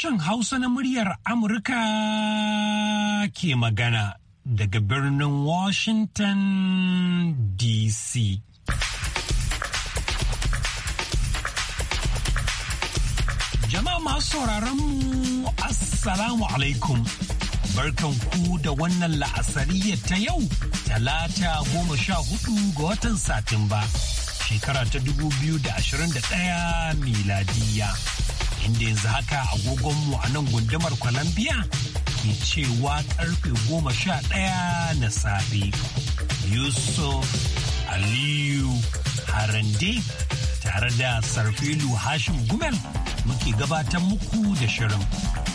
sashen Hausa na muryar Amurka ke magana daga birnin Washington DC. Jama'a masu sauraron mu Assalamu alaikum. Barkan ku da wannan la'asariya ta yau, talata goma sha hudu ga watan Satumba, shekara ta dubu biyu da ashirin da ɗaya miladiya. inda yanzu haka agogon mu a nan gundumar Columbia ke cewa karfe goma sha ɗaya na safe. Yusuf Aliyu Harande tare da Sarfilu Hashim Gumel muke gabatar muku da shirin.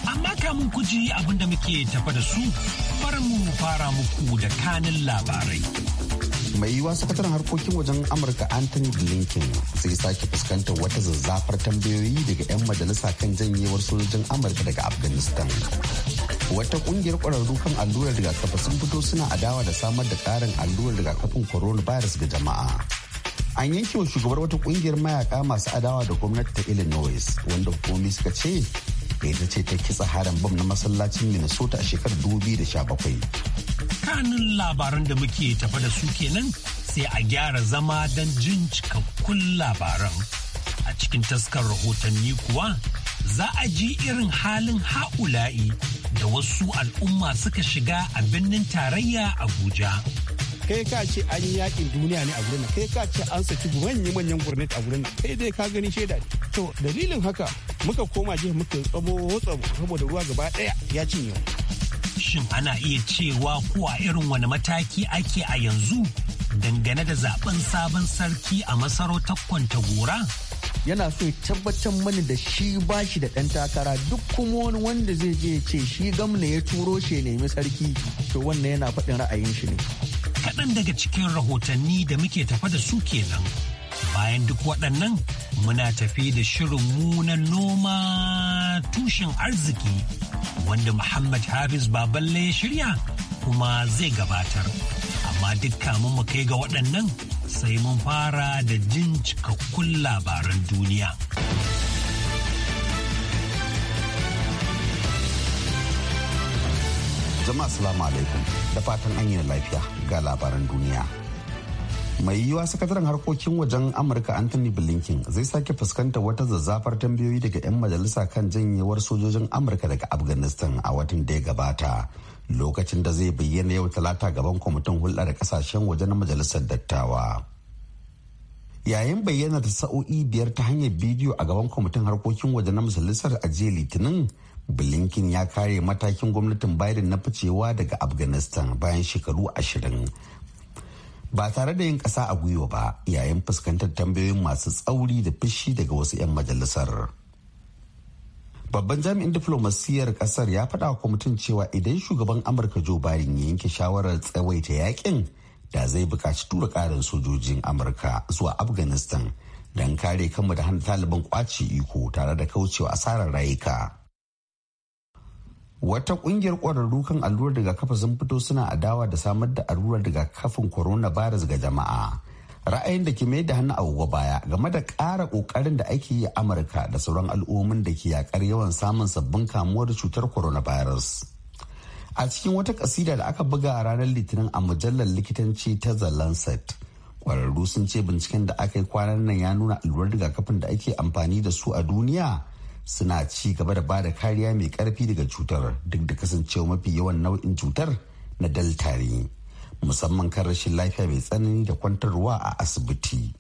Amma kamun kuji abinda muke tafa da su, bari mu fara muku da kanin labarai. mai yiwuwa sakataren harkokin wajen amurka anthony blinken zai sake fuskantar wata zazzafar tambayoyi daga 'yan majalisa kan janyewar sojojin amurka daga afghanistan wata kungiyar kwararru kan allurar rigakafi sun fito suna adawa da samar da karin allurar rigakafin coronavirus ga jama'a an yanke wa shugabar wata kungiyar mayaka masu adawa da gwamnati ta illinois wanda hukumomi suka ce ita ce ta kitsa harin bam na masallacin minnesota a shekarar 2017 kanin labaran da muke tafa da su kenan sai a gyara zama don jin cikakkun labaran. A cikin taskar rahotanni kuwa za a ji irin halin ha'ula'i da wasu al'umma suka shiga a birnin tarayya Abuja. kai ka ce an yi yakin duniya ne a gurin kai ka ce an saki manyan manyan gurnet a gurin kai dai ka gani shaida ne to dalilin haka muka koma jihar muka tsamo tsamo saboda ruwa gaba ɗaya ya cinye shin ana iya cewa ko a irin wani mataki ake a yanzu dangane da zaben sabon sarki a masarautar kwanta gora? yana so ya tabbatar mani da shi bashi da ɗan takara duk kuma wani wanda zai je ya ce shi gamna ya turo shi ya nemi sarki to wannan yana faɗin ra'ayin shi ne kaɗan daga cikin rahotanni da muke tafa da su kenan bayan duk waɗannan muna tafi da shirin mu na noma tushen arziki wanda Muhammad Hafiz Baballe ya shirya kuma zai gabatar. Amma dukka mu kai ga waɗannan sai mun fara da jin cikakkun labaran duniya. Jama'a salamu alaikum da fatan an yi lafiya ga labaran duniya. mai yiwuwa sakataren harkokin wajen amurka anthony blinken zai sake fuskantar wata zazzafar tambayoyi daga 'yan majalisa kan janyewar sojojin amurka daga afghanistan a watan da ya gabata lokacin da zai bayyana yau talata gaban kwamitin hulɗa da kasashen wajen majalisar dattawa yayin bayyana ta sa'o'i biyar ta hanyar bidiyo a gaban kwamitin harkokin waje na majalisar a jiya litinin blinken ya kare matakin gwamnatin biden na ficewa daga afghanistan bayan shekaru ashirin ba tare da yin ƙasa a gwiwa ba yayin fuskantar tambayoyin masu tsauri da fushi daga wasu 'yan majalisar. Babban jami'in diflomasiyyar ƙasar ya faɗa wa kwamitin cewa idan shugaban Amurka Joe Biden ya yanke shawarar tsawaita yakin da zai buƙaci tura ƙarin sojojin Amurka zuwa Afghanistan don kare kanmu da hana Taliban ƙwace iko tare da kaucewa asarar rayuka. wata kungiyar ƙwararru kan allurar daga kafa sun fito suna adawa da samar da allurar rigakafin coronavirus ga jama'a ra'ayin da ke mai da hannu agogo baya game da ƙara ƙoƙarin da ake yi a amurka da sauran al'ummomin da ke yakar yawan samun sabbin kamuwar cutar coronavirus a cikin wata kasida da aka buga a ranar litinin a mujallar likitanci ta the lancet kwararru sun ce binciken da aka yi kwanan nan ya nuna allurar rigakafin da ake amfani da su a duniya suna ci gaba da bada kariya mai karfi daga cutar duk da kasancewa mafi yawan nau'in cutar na delta ne musamman kan rashin lafiya mai tsanani da kwantarwa a asibiti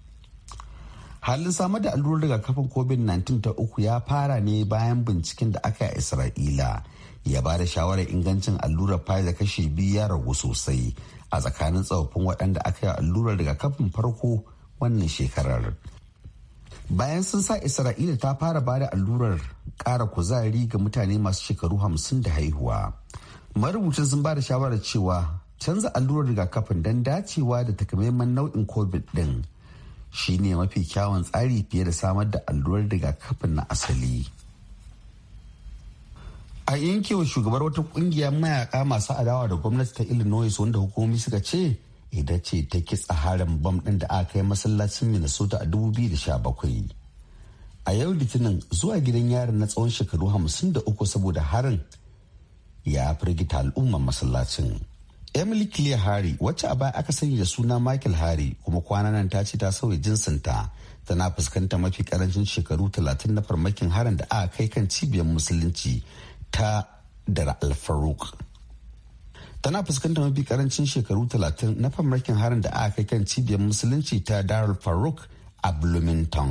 halin samar da allurar daga kafin covid-19 ta uku ya fara ne bayan binciken da aka yi a isra'ila ya ba da shawarar ingancin allurar pfizer kashi biyu ya ragu sosai a tsakanin tsofaffin waɗanda aka yi allurar daga kafin farko wannan shekarar. bayan sun sa isra'ila ta fara ba da allurar ƙara kuzari ga mutane masu shekaru hamsin da haihuwa marubucin sun ba da shawarar cewa canza allurar rigakafin don dacewa da takamaiman nau'in covid din shine mafi kyawun tsari fiye da samar da allurar rigakafin na asali a yankewa shugabar wata kungiya mayaka masu adawa da gwamnati ta illinois wanda hukumomi suka ce ita ce ta kitsa harin bam ɗin da aka yi masallacin minnesota a 2017 a yau litinin zuwa gidan yaron na tsawon shekaru 53 saboda harin ya firgita al'umman masallacin emily clear hari wacce a baya aka sani da suna michael hari kuma kwana nan ta ce ta sauya jinsinta tana fuskanta mafi karancin shekaru 30 na farmakin harin da aka kai kan cibiyar musulunci ta dar al-faruq tana fuskantar mafi karancin shekaru 30 na farmakin harin da aka kai kan cibiyar musulunci ta darul faruk a bloomington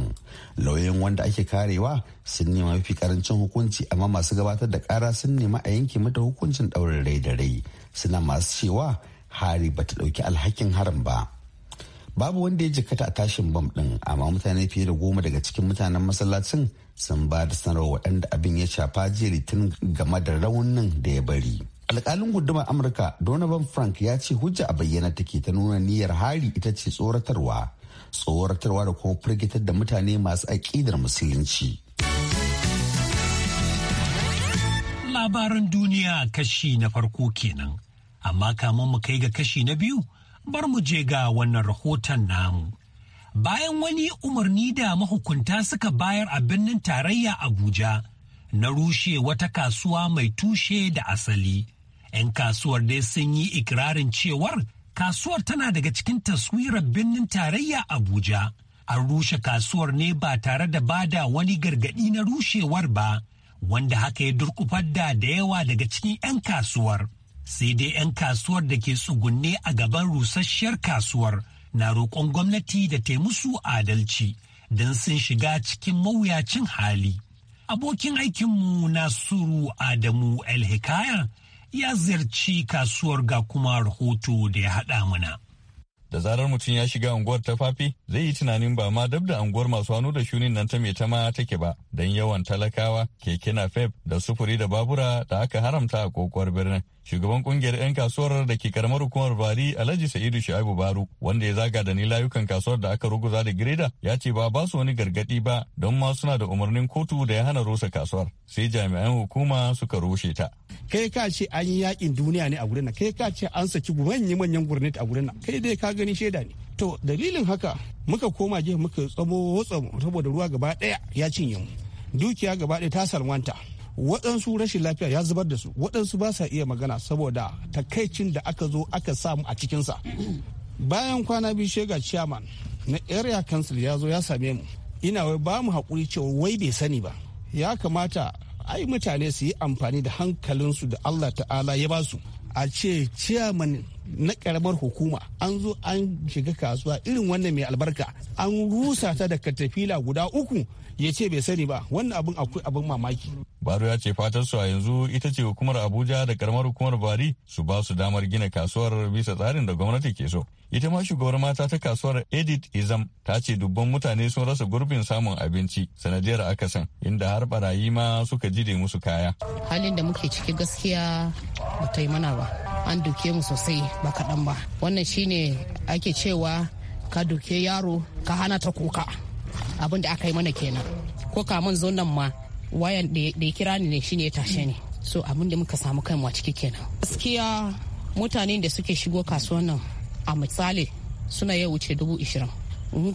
lauyoyin wanda ake karewa sun nema mafi karancin hukunci amma masu gabatar da kara sun nema a yanke mata hukuncin ɗaurin rai da rai suna masu cewa hari ba ta ɗauki alhakin harin ba babu wanda ya jikata a tashin bam ɗin amma mutane fiye da goma daga cikin mutanen masallacin sun ba da sanarwa waɗanda abin ya shafa jiya litinin game da raunin da ya bari. alkalin gudumar amurka donovan frank ya ce hujja a bayyana take ta nuna niyyar hari ita ce tsoratarwa tsoratarwa da kuma firgitar da mutane masu aƙidar musulunci labaran duniya kashi na farko kenan amma kamun mu kai ga kashi na biyu bar mu je ga wannan rahoton namu bayan wani umarni da mahukunta suka bayar a birnin tarayya abuja na rushe wata kasuwa mai tushe da asali 'Yan kasuwar dai sun yi ikirarin cewar kasuwar tana daga cikin taswirar birnin tarayya Abuja. An rushe kasuwar ne ba tare da bada wani gargaɗi na rushewar ba, wanda haka ya durkufar da da yawa daga cikin 'yan kasuwar. Sai dai 'yan kasuwar da ke tsugunne a gaban rusasshiyar kasuwar na roƙon gwamnati da taimusu adalci don sun shiga cikin mawuyacin hali. Abokin aikinmu na suru Adamu El Hikaya ya ziyarci kasuwar ga kuma rahoto da ya haɗa mana. Da zarar mutum ya shiga unguwar ta fafi zai yi tunanin ba ma dab da unguwar masu hannu da shunin nan ta mai ta ma take ba don yawan talakawa keke na feb da sufuri da babura da aka haramta a kokowar birnin shugaban kungiyar 'yan kasuwar da ke karamar hukumar bari alhaji sa'idu sha'ibu baru wanda ya zaga da ni layukan kasuwar da aka ruguza da gireda ya ce ba ba su wani gargadi ba don ma suna da umarnin kotu da ya hana rusa kasuwar sai jami'an hukuma suka rushe ta kai ka ce an yi yakin duniya ne a gurin kai ka ce an saki manyan manyan gurnet a gurin kai dai ka gani shaida ne to dalilin haka muka koma gefe muka tsamo tsamo saboda ruwa gaba daya ya cinye mu dukiya gaba daya ta salwanta waɗansu rashin lafiya ya zubar da su waɗansu ba sa iya magana saboda takaicin da aka zo aka samu a cikinsa bayan kwana biyu shega chairman na area council ya zo ya same mu ina wai ba mu haƙuri cewa wai bai sani ba ya kamata ai mutane su yi amfani da hankalinsu da allah ta'ala ya ba su a ce chairman na karamar hukuma an zo an shiga kasuwa irin wannan mai albarka an rusa ta da katafila guda uku ya ce bai sani ba wannan abin akwai abin mamaki baro ya ce fatar su a yanzu ita ce hukumar abuja da karamar hukumar bari su ba su damar gina kasuwar bisa tsarin da gwamnati ke so ita ma shugabar mata ta kasuwar edith izam ta ce dubban mutane sun rasa gurbin samun abinci sanadiyar akasan inda har barayi ma suka jide musu kaya halin da muke ciki gaskiya ba ta yi mana ba an duke mu sosai ba kaɗan ba wannan shine ake cewa ka duke yaro ka hana ta kuka abin da aka yi mana kenan ko kamun zo nan ma wayan da ya kira ni ne shine ya tashe ni so abin da muka samu kai ciki kenan gaskiya mutanen da suke shigo kasuwar nan a misali suna ya wuce dubu ishirin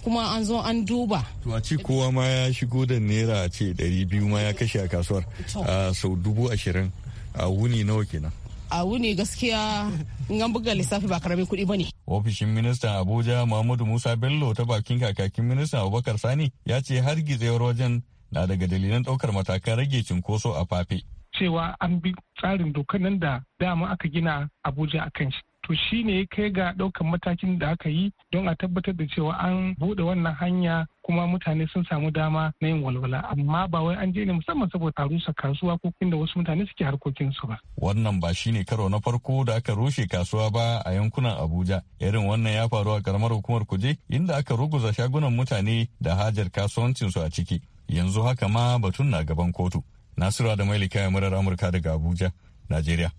kuma an zo an duba to a ce kowa ma ya shigo da naira a ce ɗari biyu ma ya kashe a kasuwar ah, sau dubu ashirin a wuni nawa kenan a wuni gaskiya in an buga lissafi ba karamin kuɗi ba ne. Ofishin ministan Abuja Muhammadu Musa Bello ta bakin kakakin ministan Abubakar Sani ya ce har gizayar wajen na daga dalilan ɗaukar matakan rage cunkoso a fafe. Cewa an bi tsarin dokar nan da dama aka gina Abuja a kan to shi ne ya kai ga ɗaukan matakin da aka yi don a tabbatar da cewa an buɗe wannan hanya kuma mutane sun samu dama na yin walwala amma ba wai an je ne musamman saboda a rusa kasuwa ko inda wasu mutane suke harkokinsu ba. Wannan ba shi ne karo na farko da aka rushe kasuwa ba a yankunan Abuja. Irin wannan ya faru a karamar hukumar Kuje inda aka ruguza shagunan mutane da hajar kasuwancinsu a ciki. Yanzu haka ma batun na gaban kotu. Nasiru da Mailika ya murar Amurka daga Abuja, Najeriya.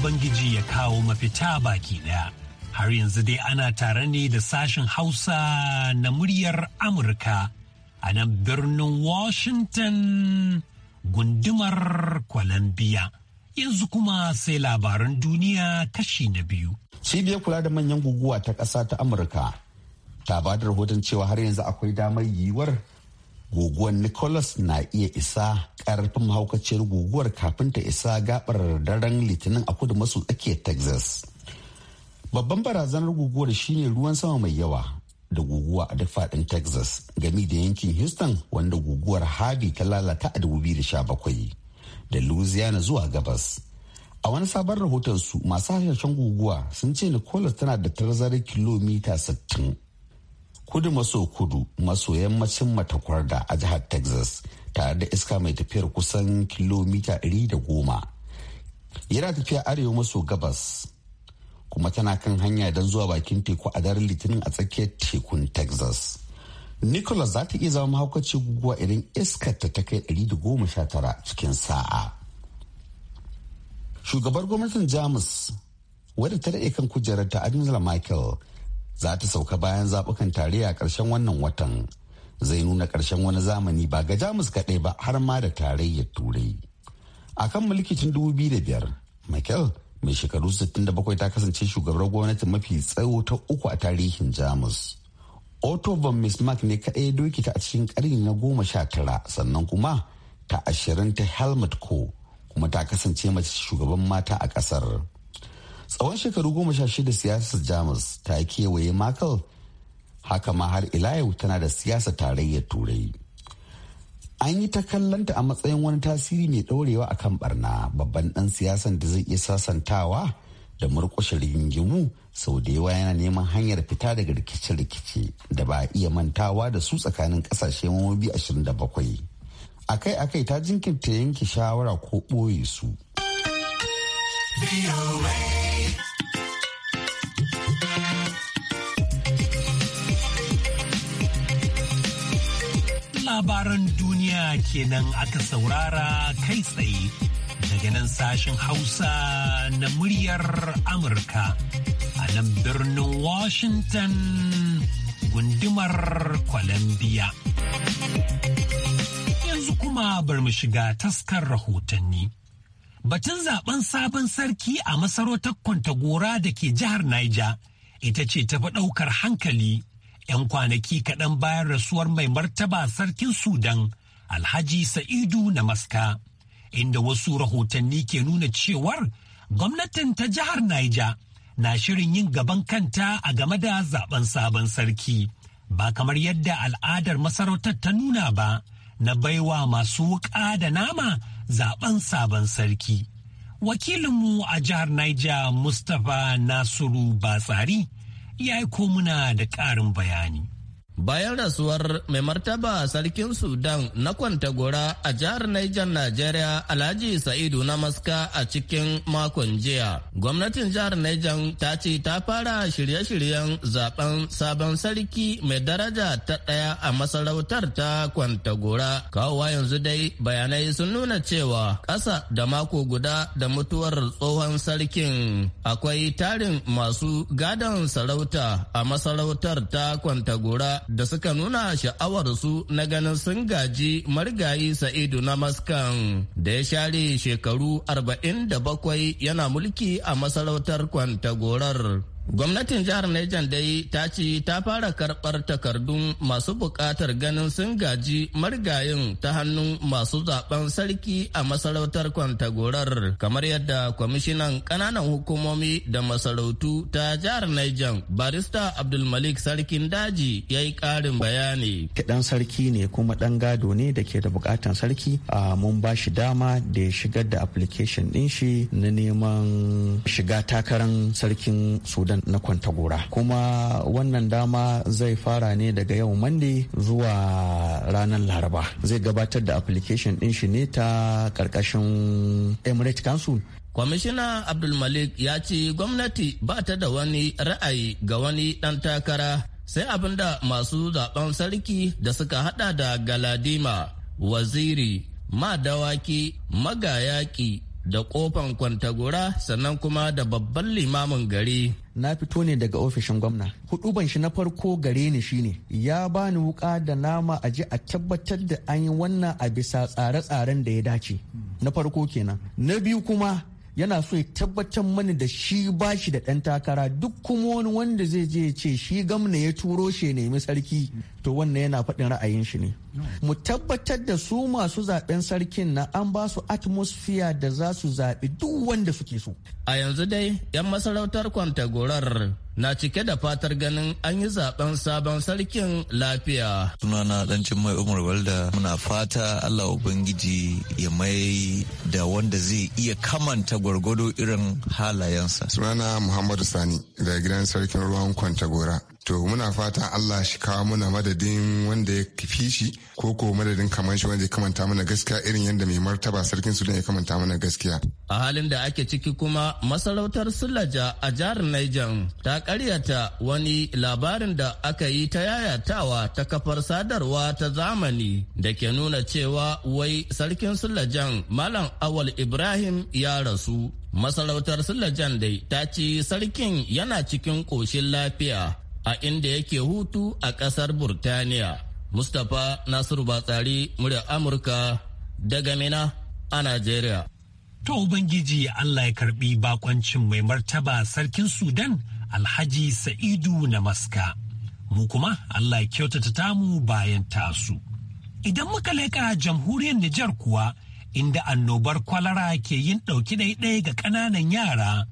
Ubangiji ya kawo mafita baki daya. Har yanzu dai ana tare ne da sashen Hausa na muryar Amurka a nan birnin Washington gundumar Columbia. Yanzu kuma sai labaran duniya kashi na biyu. Cibiyar kula da manyan guguwa ta ƙasa ta Amurka ta ba da rahoton cewa har yanzu akwai damar yiwuwar guguwar nicholas na iya isa karfin mahaukaciyar guguwar kafin ta isa gabar daren litinin a kudu maso tsakiyar texas babban barazanar guguwar shine ruwan sama mai yawa da guguwa a duk faɗin texas gami da yankin houston wanda guguwar harvey ta lalata a 2017 da louisiana zuwa gabas a wani sabon rahoton su masu hasashen guguwa sun ce nicholas tana da tarzare kilomita 60 kudu maso kudu maso yammacin matakwarda a jihar texas tare da iska mai tafiyar kusan kilomita 110 yana tafiya arewa maso gabas kuma tana kan hanya don zuwa bakin teku a daren litinin a tsakiyar tekun texas nicholas za ta iya zama mahaukaci guguwa idan iskar ta ta kai 119 cikin sa'a shugabar gwamnatin jamus wadda ta daɗe kan kujerar ta angela michael za ta sauka bayan zaɓukan tarayya ƙarshen wannan watan zai nuna ƙarshen wani zamani ba ga jamus kaɗai ba har ma da tarayyar turai a kan da biyar michael mai shekaru sittin da bakwai ta kasance shugabar gwamnati mafi tsawo ta uku a tarihin jamus otto von bismarck ne kaɗai dokita a cikin ƙarni na goma sha tara sannan kuma ta ashirin ta helmut ko kuma ta kasance mace shugaban mata a ƙasar. tsawon shekaru goma sha shida siyasar jamus ta kewaye makal haka ma har ila yau tana da siyasa tarayyar turai an yi ta kallanta a matsayin wani tasiri mai ɗorewa a kan barna babban ɗan siyasan da zai iya sasantawa da murƙushe rigingimu sau da yawa yana neman hanyar fita daga rikice-rikice da ba a iya mantawa da su tsakanin ƙasashe mamobi 27 akai-akai ta jinkirta yanke shawara ko ɓoye su. labaran duniya kenan aka saurara kai tsaye daga nan sashen hausa na muryar amurka a nan birnin washington gundumar columbia yanzu kuma bar mu shiga taskar rahotanni batun zaben sabon sarki a masarautar kwantagora da ke jihar niger ita ce tafi ɗaukar hankali 'yan kwanaki kaɗan bayan rasuwar mai martaba sarkin Sudan Alhaji Sa'idu na Maska, inda wasu rahotanni ke nuna cewar gwamnatin ta jihar Niger na shirin yin gaban kanta a game da zaben sabon sarki. Ba kamar yadda al'adar masarautar ta nuna ba, na baiwa masu wuƙa da nama zaben sabon sarki. Wakilinmu a jihar Niger Mustapha Nasiru Batsari. ya yi komuna da ƙarin bayani. bayan rasuwar mai martaba sarkin sudan na kwantagora a jihar Niger Najeriya Alhaji Sa'idu na maska a cikin makon jiya. Gwamnatin jihar Niger ta ce ta fara shirye-shiryen zaben sabon sarki mai daraja ta ɗaya a masarautar ta kwantagora. Kawowa yanzu dai bayanai sun nuna cewa ƙasa da mako guda da mutuwar tsohon sarkin akwai tarin masu gadon sarauta a masarautar ta kwantagora da suka nuna sha'awarsu na ganin sun gaji marigayi sa'idu na maskan da ya share shekaru 47 yana mulki a masarautar kwantagorar Gwamnatin jihar Niger dai ta ce ta fara karɓar takardun masu buƙatar ganin sun gaji marigayin ta hannun masu zaben sarki a masarautar kwantagorar kamar yadda kwamishinan ƙananan hukumomi da masarautu ta jihar Niger barista Abdulmalik sarkin daji ya yi ƙarin bayani. Kiɗan sarki ne kuma ɗan gado ne da ke da buƙatar sarki a mun ba shi dama da ya shigar da application ɗin shi na neman shiga takarar sarkin Sudan na kwantagora kuma wannan dama zai fara ne daga yau mande zuwa ranar laraba zai gabatar da application din shi ne ta karkashin emirate council kwamishina abdulmalik ya ce gwamnati ba ta da wani ra'ayi ga wani dan takara sai abin da masu zaben sarki da suka hada da galadima waziri madawaki magayaki da kofan kwantagora sannan kuma da babban limamin gari na fito ne daga ofishin gwamna huduban shi na farko gare ni shine ya bani wuka da nama a ji a tabbatar da an yi wannan a bisa tsare-tsaren da ya dace na farko kenan na biyu kuma yana so ya tabbatar mani da shi ba shi da ɗan takara duk kuma wani wanda zai je ce shi gamna ya turo shi nemi sarki to wannan yana faɗin ra'ayin shi ne mu tabbatar da su masu zaben sarkin na an ba su atmosphere da za su zaɓi duk wanda suke so a yanzu dai 'yan masarautar kwantagorar na cike da fatar ganin an yi zaben sabon sarkin lafiya. Sunana ɗancin mai Umar Walda muna fata Allah Ubangiji ya mai da wanda zai iya kamanta gwargwado irin halayensa. Sunana Muhammadu Sani da gidan sarkin ruwan Kwantagora. to muna fata Allah shi kawo muna madadin wanda ya kifi shi ko ko madadin kamar shi wanda ya kamanta mana gaskiya irin yadda mai martaba sarkin Sudan ya kamanta mana gaskiya. A halin da ake ciki kuma masarautar Sulaja a jihar Niger ta karyata wani labarin da aka yi ta yayatawa ta kafar sadarwa ta zamani da ke nuna cewa wai sarkin Sulajan Malam Awal Ibrahim ya rasu. Masarautar Sulajan dai ta ce sarkin yana cikin ƙoshin lafiya a inda yake hutu a ƙasar Burtaniya. Mustapha Nasiru Batsari murya Amurka daga Mina a Najeriya. To Ubangiji Allah ya karbi bakoncin mai martaba sarkin Sudan Alhaji Sa'idu na Maska. Mu kuma Allah ya kyautata tamu bayan tasu. Idan muka leƙa jamhuriyar Nijar kuwa inda annobar kwalara ke yin ɗauki ɗaiɗaya ga ƙananan yara,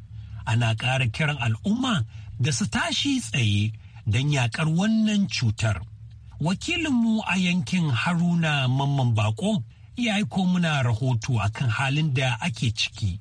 ana ƙara kiran al'umma da su tashi tsaye don yakar wannan cutar. Wakilinmu a yankin Haruna Mamman Bako ya aiko muna rahoto akan halin da ake ciki.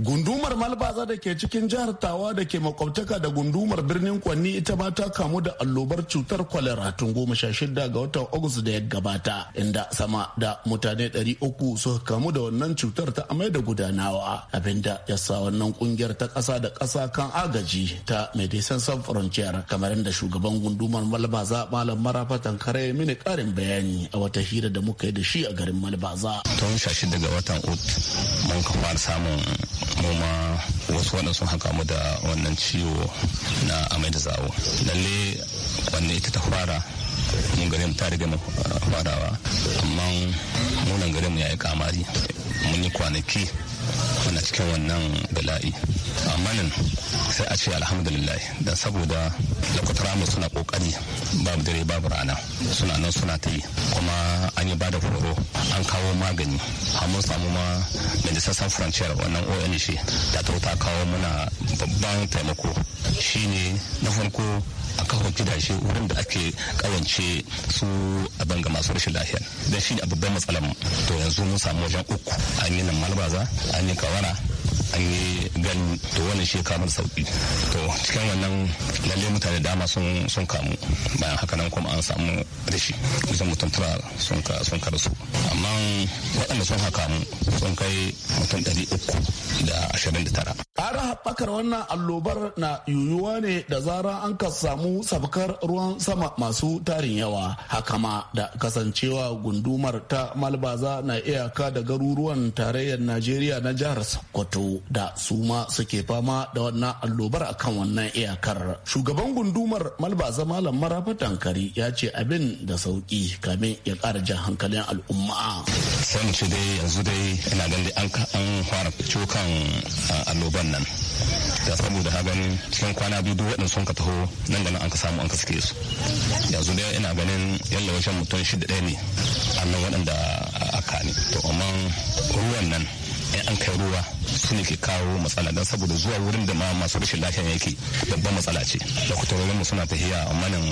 Gundumar Malbaza da ke cikin jihar Tawa da ke makwabtaka da gundumar birnin Kwanni ita ma ta kamu da allobar cutar kwalera tun goma sha shida ga watan Agus da ya gabata inda sama da mutane ɗari uku suka kamu da wannan cutar ta amai da gudanawa abinda ya sa wannan kungiyar ta ƙasa da ƙasa kan agaji ta Medecin Sans Frontier kamar yadda shugaban gundumar Malbaza Malam Marafa Tankare mini ƙarin bayani a wata hira da muka yi da shi a garin Malbaza. Tun sha shida ga watan Ut mun kamar samun mu ma wasu waɗansu sun haka mu da wannan ciwo na amai da zawo lalle wanne ita ta fara mun mu ta riga mu ah, farawa amma munan gare mu yayi kamari mun yi kwanaki muna cikin wannan bala'i amma nan sai a ce alhamdulillah da saboda lokutar mu suna kokari babu dare babu rana suna nan suna ta yi kuma an yi bada horo an kawo magani A mun samu ma majalisar franciyar wannan shi da ta ta kawo muna babban taimako shine na farko a kawo gidaje wurin da ake kawance su a banga masu rashin lafiya don shi ne babban matsalar to yanzu mun samu wajen uku a yi nan malbaza an yi kawara an yi ganin to wannan shi kamar sauki to cikin wannan lalle mutane dama sun sun kamu bayan haka nan kuma an samu rashi kusan mutum tara sun ka sun amma waɗanda sun haka mu sun kai mutum ɗari uku da ashirin da tara. ƙara haɓakar wannan allobar na yuyuwa ne da zara an ka samu sabkar ruwan sama masu tarin yawa haka ma da kasancewa gundumar ta malbaza na iyaka da garuruwan tarayyar najeriya na jihar sokoto da su ma suke fama da wannan allobar akan wannan iyakar shugaban gundumar malbaza malam marafa tankari ya ce abin da sauki kamin ya ƙara jan hankalin al'umma sai ce dai yanzu dai ina ganin an fara cokan alloban nan da saboda hagan cikin kwana biyu duk waɗanda sun ka taho nan ganin an ka samu an ka suke su yanzu dai ina ganin yalla wajen mutum shida ɗaya ne a nan waɗanda a kani. to amma ruwan nan in an kai ruwa su ne ke kawo matsala don saboda zuwa wurin da ma masu rashin lafiya yake babban matsala ce da mu suna tafiya amma nan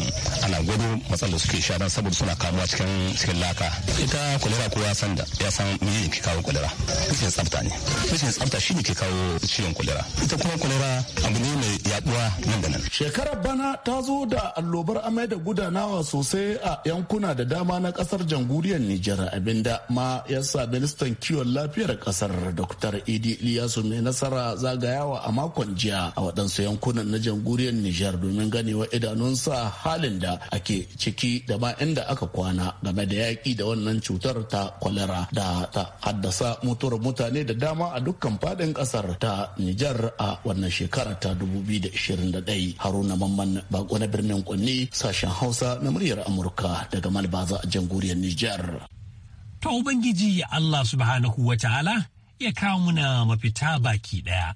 ana gwado matsalar suke sha don saboda suna kamuwa cikin cikin laka ita kulera ko ya san da ya san me ke kawo kulera rashin tsafta ne rashin tsafta shi ne ke kawo ciwon kulera ita kuma kulera abu ne mai yaduwa nan da nan shekarar bana ta zo da allobar amai da gudanawa sosai a yankuna da dama na kasar jamhuriyar Nijar abinda ma yasa ministan kiwon lafiyar kasar Dr. Idi Liyasu mai nasara zagayawa a makon jiya a waɗansu yankunan na jamhuriyar Nijar domin ganewa idanunsa halin da ake ciki da ma inda aka kwana game da yaƙi da wannan cutar ta kwalara da ta haddasa mutuwar mutane da dama a dukkan faɗin ƙasar ta Nijar a wannan shekara ta 2021. Haruna Mamman bako na birnin Kunni sashen Hausa na muryar Amurka daga Malbaza a jamhuriyar Nijar. Ta Ubangiji Allah subhanahu wa ta'ala ya kawo muna mafita baki ɗaya.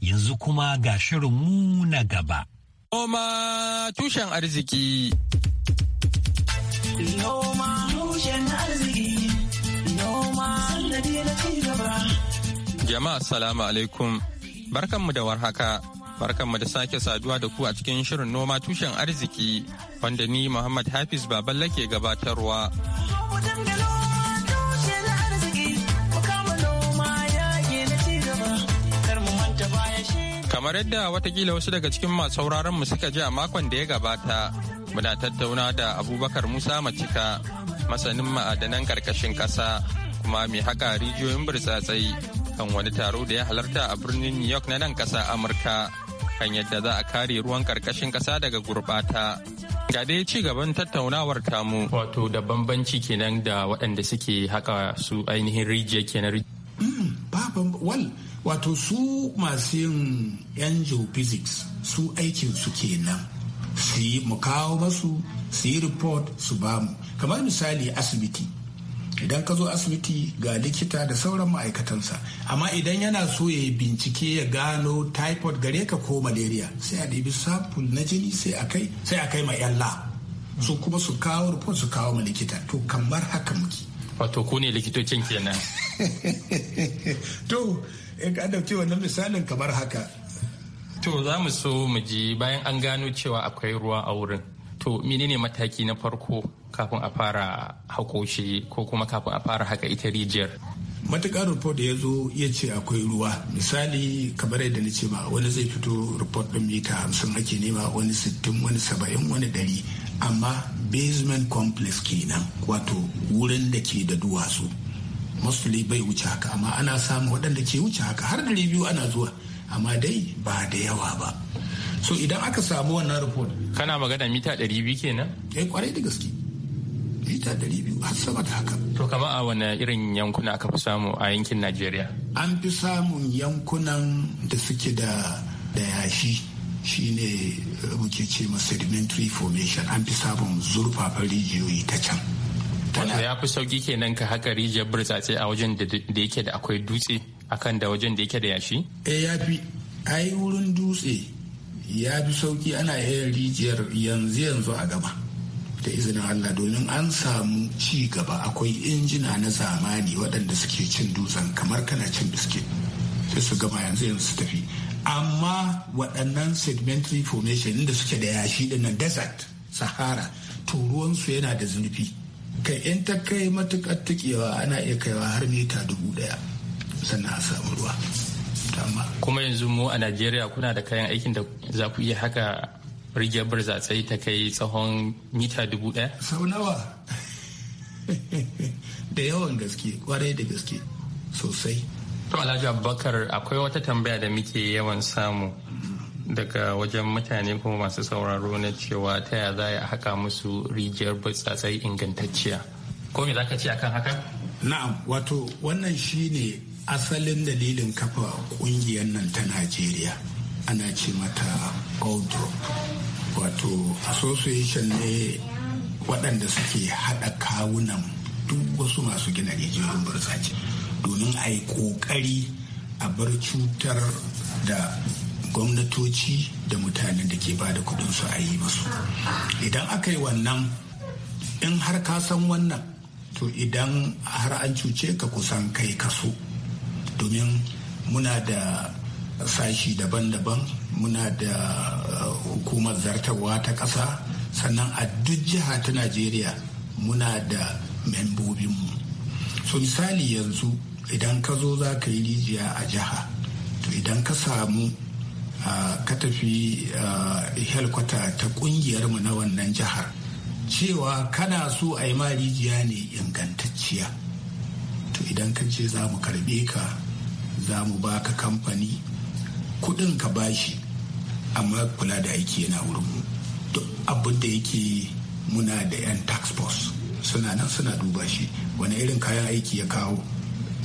Yanzu kuma ga shirinmu na gaba. Noma tushen arziki. Noma Jama'a salamu alaikum. Barkanmu da warhaka. Barkanmu da sake saduwa da ku a cikin shirin noma tushen arziki wanda ni Muhammad Hafiz Baballa ke gabatarwa. Kamar yadda watakila wasu daga cikin masu sauraron mu suka ji a makon da ya gabata, muna tattauna da Abubakar Musa Macika, masanin ma'adanan karkashin ƙasa kuma mai haka rijiyoyin burtsatsai kan wani taro da ya halarta a birnin New York na nan ƙasa Amurka kan yadda za a kare ruwan karkashin ƙasa daga gurbata Ga dai ci gaban tattaunawar tamu. Wato da bambanci kenan da waɗanda suke haka su ainihin rijiya kenan. Mm, wal wato su masu yin yan geophysics su aikin su kenan su yi mu kawo masu su yi report su mu kamar misali asibiti idan ka zo asibiti ga likita da sauran ma'aikatansa amma idan yana so ya bincike ya gano typhoid gare ka ko malaria sai a ɗibi sample na jini sai a kai sai a kai ma yalla su kuma su kawo report su kawo ma likita to kamar haka muke wato ku ne likitocin kenan to in ka ɗauki wannan misalin kamar haka to za mu so mu ji bayan an gano cewa akwai ruwa a wurin to menene mataki na farko kafin a fara hako shi ko kuma kafin a fara haka ita rijiyar matuƙar report da ya zo ya ce akwai ruwa misali kamar yadda na ce ba wani zai fito report ɗin mita hamsin ake nema wani sittin wani saba'in wani ɗari amma basement complex kenan wato wurin da ke da duwatsu mostly bai wuce haka amma ana samun waɗanda ke wuce haka har da biyu ana zuwa amma dai ba da yawa ba so idan aka samu wannan report kana magana mita 200 kenan eh kwarai da gaske mita 200 har sama da haka to kama a wani irin yankuna aka fi samu a yankin Najeriya an fi samun yankunan da suke da da yashi shine muke ce sedimentary formation an fi samun zurfafa rijiyoyi ta can wato ya fi sauki kenan ka haka rijiyar burtsatse a wajen da yake da akwai dutse akan da wajen da yake da yashi eh ya fi ai wurin dutse ya fi sauki ana iya rijiyar yanzu yanzu a gaba da izinin Allah domin an samu ci gaba akwai injina na zamani waɗanda suke cin dutsen kamar kana cin biskit sai su gama yanzu yanzu su tafi amma waɗannan sedimentary formation inda suke da yashi da desert sahara to su yana da zurfi kai in ta kai matukar tukewa ana iya kaiwa har mita dubu daya sannan a samu ruwa kuma yanzu mu a najeriya kuna da kayan aikin da za ku iya haka rigiyar burzatsai ta kai tsawon mita dubu daya sau nawa da yawan gaske kwarai da gaske sosai to alhaji abubakar akwai wata tambaya da muke yawan samu daga wajen mutane kuma masu sauraro na cewa ta ya za a haka musu rijiyar burtsatsai ingantacciya ko me za ka ce akan haka na'am wato wannan shine asalin dalilin kafa kungiyar nan ta najeriya ana ce mata goldrop wato association ne waɗanda suke haɗa kawunan duk wasu masu gina rijiyar burtsace domin a yi ƙoƙari a bar cutar da gwamnatoci da mutanen da ke bada kudin su a yi masu idan aka yi wannan in har ka san wannan to idan har an cuce ka kusan kai kaso domin muna da sashi daban-daban muna da eh, hukumar zartarwa ta ƙasa sannan a duk jiha ta najeriya muna da membobinmu so misali yanzu idan ka zo za ka yi rijiya a jiha to idan ka samu ka tafi helkwata ta mu na wannan jihar cewa kana so a yi rijiya ne ingantacciya to idan ka ce za mu karbe ka za mu ba ka kamfani kudin ka bashi amma kula da aiki yana wurin duk abin da yake muna da 'yan tax force suna nan suna duba shi wani irin kayan aiki ya kawo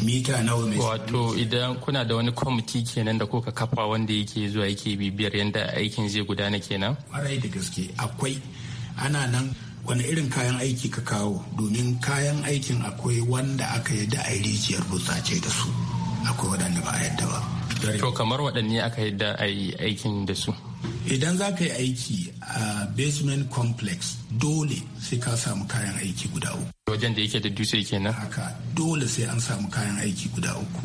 mita nawa mai wato idan kuna da wani kwamiti kenan da kuka kafa wanda yake zuwa yake bibiyar yadda aikin zai gudana kenan kwarai da gaske akwai ana nan wani irin kayan aiki ka kawo domin kayan aikin akwai wanda aka yadda a yi rijiyar burtsace da su akwai waɗanda ba a yadda ba to kamar waɗanne aka yadda a yi aikin da su idan za ka yi aiki a basement complex dole sai ka samu kayan aiki guda uku wajen da yake da dutse kenan haka dole sai an samu kayan aiki guda uku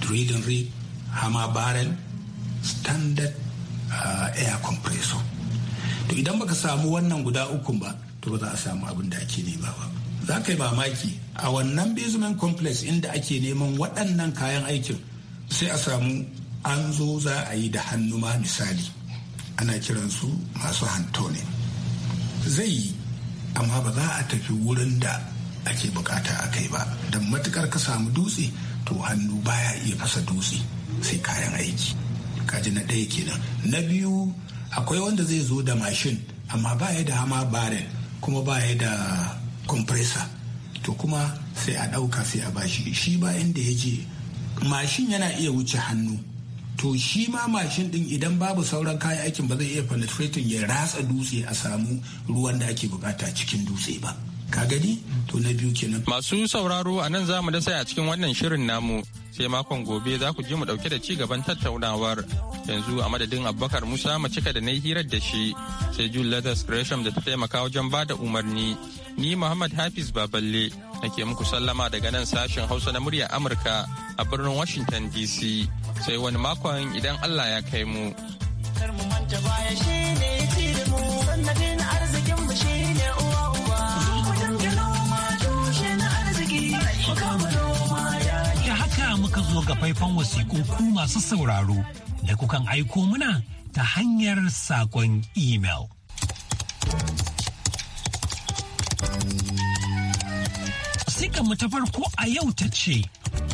drilling rig hama barrel standard uh, air compressor to idan baka samu wannan guda uku ba to ba za a samu abin da ake nema ba za ka yi mamaki a wannan basement complex inda ake neman waɗannan kayan aikin sai a samu an zo za a yi da hannu ma misali ana kiransu masu hanto ne zai yi amma ba za a tafi wurin da ake bukata a kai ba don matukar ka samu dutse to hannu baya iya fasa dutse sai kayan aiki kaji na ɗaya kenan na biyu akwai wanda zai zo da mashin amma baya da hama barin kuma baya da compressor to kuma sai a ɗauka sai a bashi shi ba inda ya je mashin yana iya wuce hannu to shi ma mashin din idan babu sauran kayan aikin ba zai iya penetrating ya ratsa dutse a samu ruwan da ake bukata cikin dutse ba ka gani to na biyu kenan masu sauraro a nan zamu dasa a cikin wannan shirin namu sai makon gobe za ku ji mu dauke da ci gaban tattaunawar yanzu a madadin abubakar musa cika da na hirar da shi sai jul letters gresham da ta taimaka wajen ba da umarni ni muhammad hafiz baballe nake muku sallama daga nan sashen hausa na muryar amurka a birnin washington dc sai wani makon idan Allah ya kai mu. Da haka muka zo ga faifan wasiƙu ku masu sauraro da kukan aiko muna ta hanyar saƙon imel. Sika mu ta farko a yau ta ce,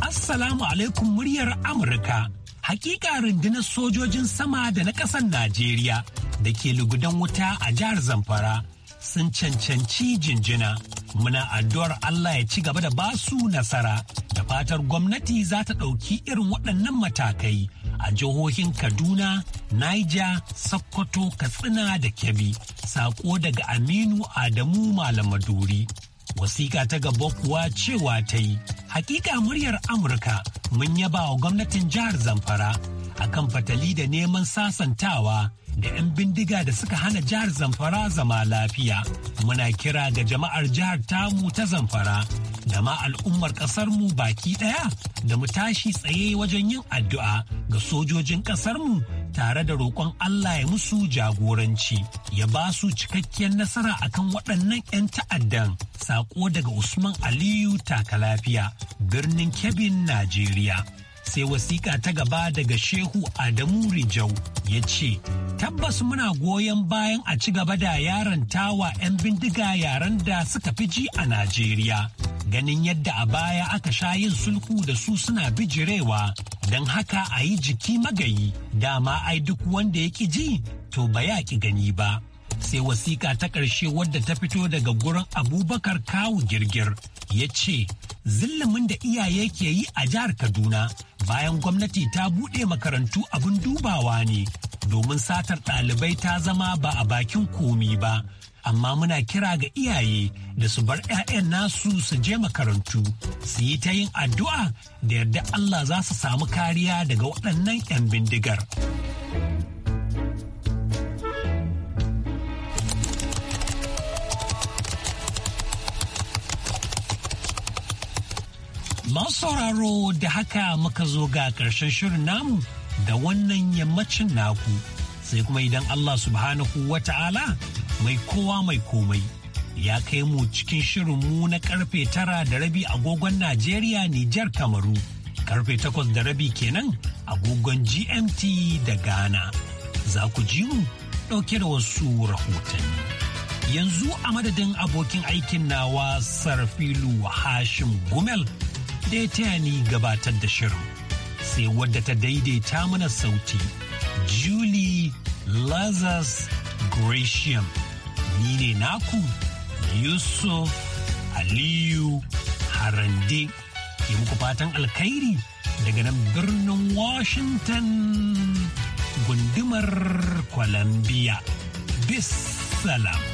Assalamu alaikum muryar Amurka. hakika rundunar sojojin sama da na ƙasar Najeriya da ke lugudan wuta a jihar Zamfara sun cancanci jinjina. Muna addu'ar Allah ya ci gaba da basu nasara da fatar gwamnati za ta ɗauki irin waɗannan matakai a jihohin Kaduna, Niger, Sokoto, Katsina da Kebbi. Sako daga Aminu Adamu Malam Maduri. wasiƙa ta gaba kuwa cewa ta yi hakika muryar amurka mun yaba wa gwamnatin jihar zamfara akan fatali da neman sasantawa da 'yan bindiga da suka hana jihar zamfara zama lafiya muna kira ga jama'ar jihar tamu ta zamfara da ma al'ummar ƙasarmu baki ɗaya da mu tashi tsaye wajen yin addu'a ga sojojin ƙasarmu tare da roƙon Allah ya musu jagoranci ya ba su cikakkiyar nasara akan waɗannan 'yan ta'addan saƙo daga Usman Aliyu Takalafiya birnin Kebin Najeriya. Sai wasiƙa ta gaba daga Shehu Adamu Rijau ya ce, Tabbas muna goyon bayan a ci gaba da yaran tawa 'yan bindiga yaran da suka fi ji a Najeriya. Ganin yadda a baya aka sha yin sulhu da su suna bijirewa don haka a yi jiki magayi dama ai duk wanda ya ki ji to ba ya ki gani ba sai wasiƙa ta ƙarshe wadda ta fito daga gurin abubakar kawu girgir ya ce zillimin da iyaye ke yi a jihar kaduna bayan gwamnati ta buɗe makarantu abin dubawa ne domin satar ɗalibai ta zama ba a bakin komi ba amma muna kira ga iyaye da su bar 'ya'yan nasu su je makarantu su yi ta yin addu'a da yarda Allah za su samu kariya daga waɗannan 'yan bindigar. Masu sauraro da haka muka zo ga ƙarshen shirin namu da wannan yammacin naku sai kuma idan Allah subhanahu wa ta'ala mai kowa mai komai ya kai mu cikin shirin mu na karfe tara da rabi agogon Najeriya Nijar Kamaru. Karfe takwas da rabi kenan agogon GMT da Ghana. Za ku ji mu ɗauke da wasu rahotanni. Yanzu a madadin abokin aikin nawa Sarfilu Hashim Gumel da ya taya ni gabatar da shirin. Sai wadda ta daidaita mana sauti, Julie Lazarus Gratiam. ni ne naku yusuf aliyu harande ke muku fatan alkhairi daga nan birnin washington gundumar columbia bis salam